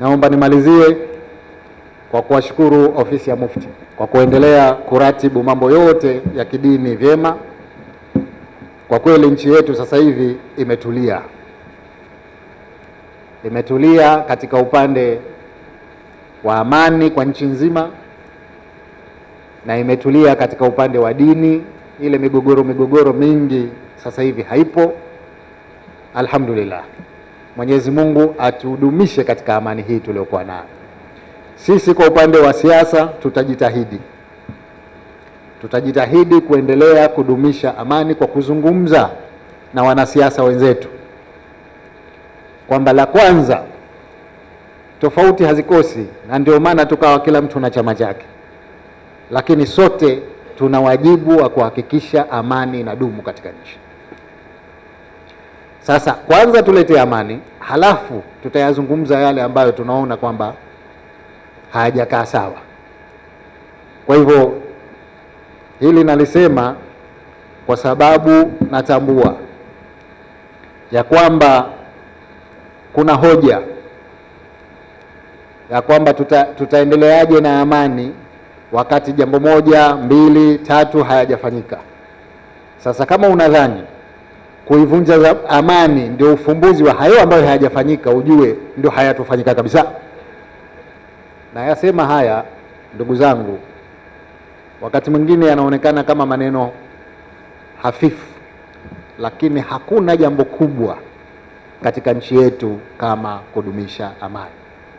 Naomba nimalizie kwa kuwashukuru ofisi ya Mufti kwa kuendelea kuratibu mambo yote ya kidini vyema. Kwa kweli nchi yetu sasa hivi imetulia, imetulia katika upande wa amani kwa nchi nzima, na imetulia katika upande wa dini. Ile migogoro migogoro mingi sasa hivi haipo, alhamdulillah. Mwenyezi Mungu atudumishe katika amani hii tuliokuwa nayo. Sisi kwa upande wa siasa tutajitahidi, tutajitahidi kuendelea kudumisha amani kwa kuzungumza na wanasiasa wenzetu kwamba la kwanza, tofauti hazikosi, na ndio maana tukawa kila mtu na chama chake, lakini sote tuna wajibu wa kuhakikisha amani inadumu katika nchi. Sasa kwanza tulete amani, halafu tutayazungumza yale ambayo tunaona kwamba hayajakaa sawa. Kwa hivyo hili nalisema kwa sababu natambua ya kwamba kuna hoja ya kwamba tuta, tutaendeleaje na amani wakati jambo moja mbili tatu hayajafanyika. Sasa kama unadhani kuivunja amani, ndio ufumbuzi wa hayo ambayo hayajafanyika, ujue ndio hayatofanyika kabisa. Na yasema haya, ndugu zangu, wakati mwingine yanaonekana kama maneno hafifu, lakini hakuna jambo kubwa katika nchi yetu kama kudumisha amani.